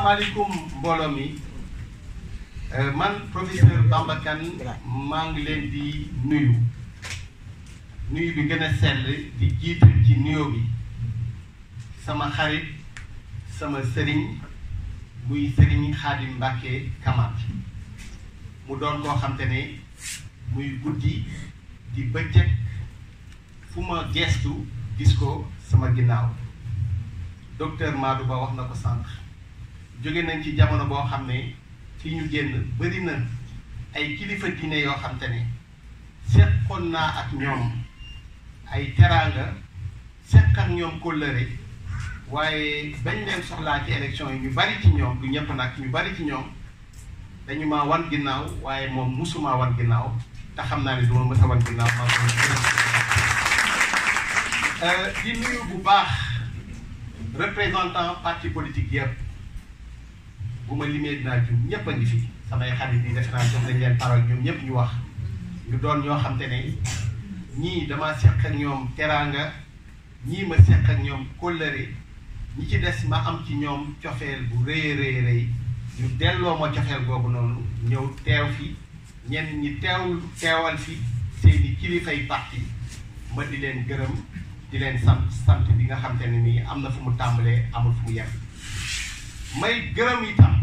asalaamaaleykum mbooloo mi euh, man professeur Bamba Kane maa ngi leen di nuyu nuyu bi gën a sell di jiital ci nuyo bi sama xarit sama sëriñ muy sëriñ Xaadim Mbàkke Kamal mu doon koo xam te ne muy guddi di bëccëg fu ma geestu gis ko sama ginnaaw docteur Madou Ba wax na ko sànq jóge nañ ci jamono boo xam ne ci ñu génn bëri na ay kilifa diine yoo xam te ne seqoon naa ak ñoom ay teraanga seq ak ñoom kóllëre waaye bañ leen soxlaa ci élection yi ñu bari ci ñoom du ñëpp nag ñu bari ci ñoom dañu ma wan ginnaaw waaye moom musuma wan ginnaaw te xam naa ne du ma mës a wan ginnaaw maa euh, di nuyu bu baax représentant parti politique yëpp. bu ma limee dinaa jum ñëpp a fi samay xarit yi def naa jox nañ leen parole ñoom ñëpp ñu wax ñu doon ñoo xam te ne ñii dama seq ak ñoom teraanga ñii ma seq ak ñoom kóllëre ñi ci des ma am ci ñoom cofeel bu rëy rëy rëy ñu delloo ma cofeel boobu noonu ñëw teew fi ñenn ñi teewul teewal fi seeni kilifay parti ma di leen gërëm di leen sant sant bi nga xam te ne nii am na fu mu tàmbalee amul fu mu yem may gërëm itam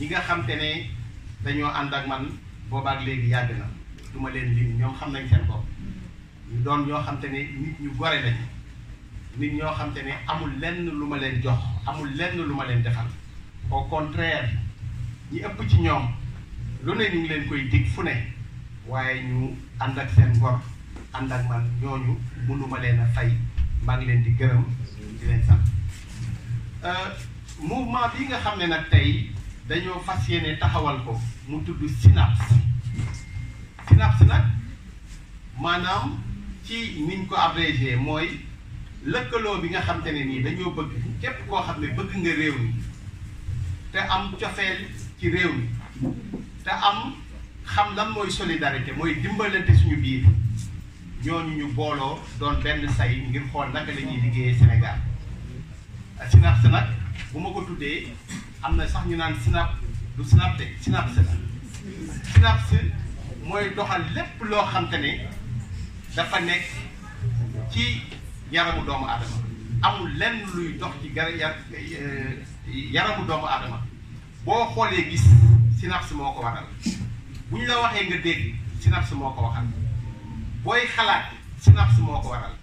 ñi nga xam te ne dañoo ànd ak man boobaat léegi yàgg na du ma leen lim ñoom xam nañ seen ko ñu doon ñoo xam te ne nit ñu gore lañ nit ñoo xam te ne amul lenn lu ma leen jox amul lenn lu ma leen defar au contraire ñu ëpp ci ñoom lu ne ñu leen koy dig fu ne waaye ñu ànd ak seen ngor ànd ak man ñooñu mënuma leen a fay maa leen di gërëm di leen sant euh, mouvement yi nga xam ne nag tey dañoo fas yéene taxawal ko mu tudd synapse synapse nag maanaam ci niñ ko abrégé mooy lëkkaloo bi nga xam te ne nii dañoo bëgg képp koo xam ne bëgg nga réew mi te am cofeel ci réew mi te am xam lan mooy solidarité mooy dimbalante suñu biir ñooñu ñu booloo doon benn say ngir xool naka la ñuy liggéeyee Sénégal synapse nag. bu ma ko tuddee am na sax ñu naan synap du synap de synapse la synapse mooy doxal lépp loo xam ne dafa nekk ci yaramu doomu aadama amul lenn luy dox ci gar eh, yaramu doomu aadama boo xoolee gis synapse moo ko waral bu ñu la waxee nga dégg synapse moo ko waxal booy xalaat synapse moo ko waral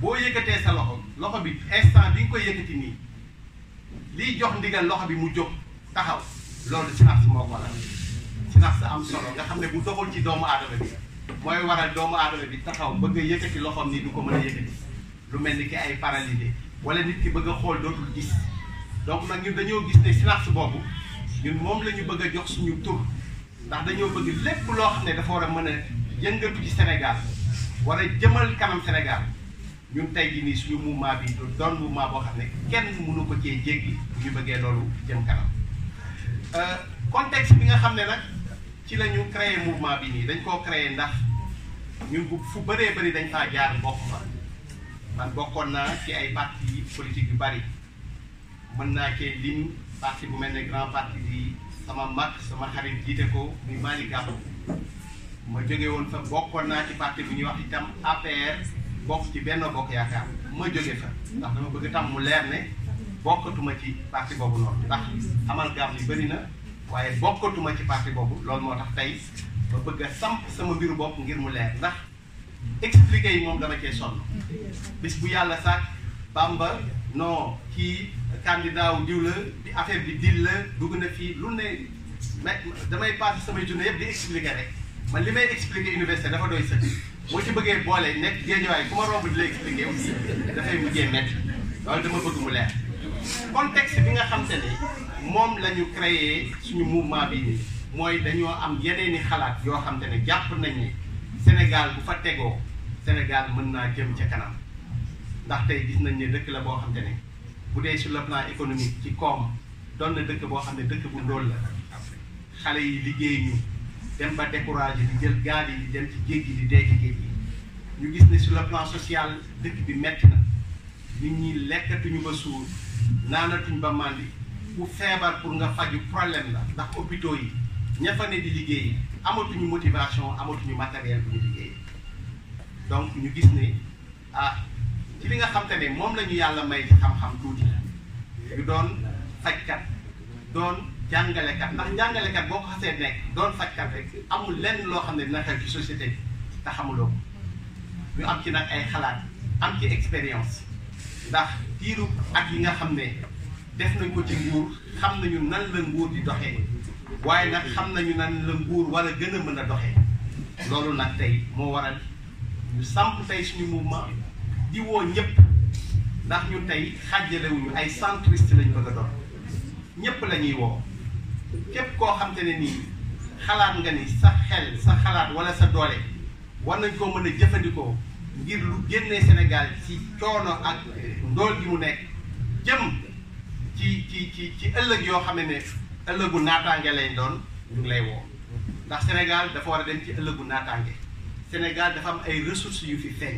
boo yëkkatee sa loxo loxo bi instant bi nga koy yëkkati nii liy jox ndigal loxo bi mu jóg taxaw loolu synapse moo ko waral synapse am solo nga xam ne bu doxul ci doomu aadama bi mooy waral doomu aadama bi taxaw bëgg a yëkkati loxoom nii du ko mën a yëkkati lu mel ni ki ay paralysé wala nit ki bëgg a xool dootul gis donc nag ñun dañoo gis ne synapse boobu ñun moom la bëgg a jox suñu tur ndax dañoo bëgg lépp loo xam ne dafa war a mën a yëngatu ci senegal war a jëmal kanam Sénégal. ñun tey jii nii suñu mouvement bi doon mouvement boo xam ne kenn munu ko cee jéggi ñu bëggee loolu jëm kanam euh, contexte bi nga xam ne nag ci la ñu créé bi nii dañ koo créé ndax ñu bu fu bëree bëri dañ faa jaar bokk fa man bokkoon naa ci ay parti politique yu bari mën naa cee lim parti bu mel ni grand parti bi sama mag sama xarit jiite ko muy Malick Gakou ma jóge woon fa bokkoon naa ci parti bu ñuy wax itam APR. bokk ci benn bokk yaakaar ma jóge fa ndax dama bëgg tam mu leer ne bokkatuma ci parti boobu noonu ndax amalgame yi bëri na waaye bokkatuma ci parti boobu loolu moo tax tey ba bëgg samp sama mbiru bopp ngir mu leer ndax expliqué yi moom dama cee sonn bis bu yàlla sax bamba non kii candidat wu diw la di affaire bi dil la dugg na fii lu ne damay passé samay journée yëpp di expliqué rek man li may expliqué université dafa doy sëkk boo ci bëggee boole nekk géejawaay ku ma bu di la expliqué aussi dafay mujjee métti loolu dama bëgg mu leer contexte bi nga xam te moom lañu ñu suñu mouvement bi nii mooy dañoo am yeneeni xalaat yoo xam te ne jàpp nañ ne Sénégal bu fa tegoo senegal mën naa jëm ca kanam ndax tey gis nañ ne dëkk la boo xam te ne bu dee sur le plan économique ci koom doon na dëkk boo xam ne dëkk bu ndóol la xale yi liggéey ñu dem ba découragé di jël gaal yi di dem ci géej di dee ci géej ñu gis ne sur le plan social dëkk bi metti na nit ñi lekkatuñu ba suur naanatuñ ba màndi ku feebar pour nga faju problème la ndax hôpitaux yi ña fa ne di liggéey amatuñu motivation amatuñu matériel bu ñu liggéey donc ñu gis ne ah ci li nga xam te ne moom la ñu yàlla may xam-xam tuuti ñu doon fajkat doon jàngalekat ndax jàngalekat boo ko xasee nekk doon fajkat rek amul lenn loo xam ne dina xew ci société te xamuloo ko am ci nag ay xalaat am ci expérience ndax diiru ak yi nga xam ne def nañ ko ci nguur xam nañu nan la nguur di doxee waaye nag xam nañu nan la nguur war a gën a mën a doxee loolu nag tey moo waral ñu samp tey suñu mouvement di woo ñëpp ndax ñu tey xàjjalewuñu ay centriste lañ bëgg a doon ñëpp la ñuy woo képp koo xam ne nii xalaat nga ni sa xel sa xalaat wala sa doole war nañ koo mën a jëfandikoo ngir lu génnee Sénégal ci coono ak ndool gi mu nekk jëm ci ci ci ëllëg yoo xam ne ëllëgu naataange lay doon ñu ngi lay woo ndax Sénégal dafa war a dem ci ëllëgu naataange Sénégal dafa am ay ressources yu fi feeñ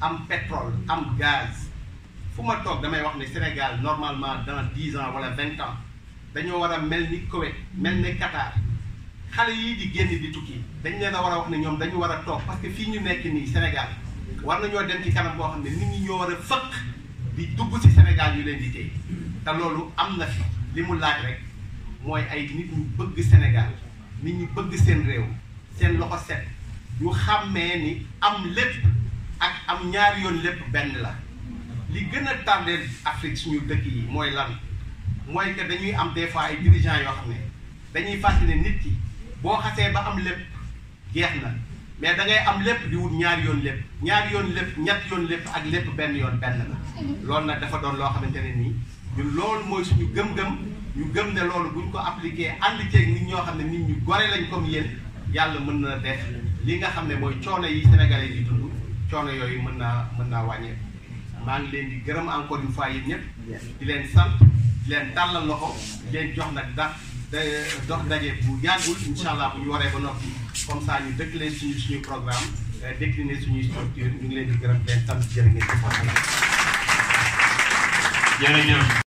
am pétrole am gaz fu ma toog damay wax ne Sénégal normalement dans dix ans wala vingt ans dañoo war a mel ni Koweït mel ni Qatar xale yii di génn di tukki dañ leen a war a wax ne ñoom dañu war a toog parce que fii ñu nekk nii Sénégal war nañoo dem ci kanam boo xam ne nit ñi ñoo war a fëq di dugg ci Sénégal yu leen di téye te loolu am na fi li mu laaj rek mooy ay nit ñu bëgg Sénégal nit ñu bëgg seen réew seen loxo set ñu xàmmee ni am lépp ak am ñaari yoon lépp benn la li gën a tardé Afrique suñu dëkk yi mooy lan. mooy que dañuy am des fois ay dirigeants yoo xam ne dañuy fàttali ne nit ki boo xasee ba am lépp jeex na mais da ngay am lépp di wut ñaari yoon lépp ñaar yoon lépp ñett yoon lépp ak lépp benn yoon benn la loolu nag dafa doon loo xamante ne nii ñun loolu mooy ñu gëm-gëm ñu gëm ne loolu buñ ko appliqué ànd ceeg nit ñoo xam ne nit ñu gore lañ comme yéen yàlla mën na def li nga xam ne mooy coono yi Sénégalais yi dund coono yooyu mën naa mën naa wàññeeku maa ngi leen di gërëm encore une fois yéen leen sant leen tàllal loxo day jox nag dax day dox daje bu yàggul incha allah bu ñu waree ba noppi comme ça ñu dëkkalee suñu suñu programme euh, décliner suñuy structure ñu ngi leen di gërëm leen tam jërë ngeen jëf. jërëjëf.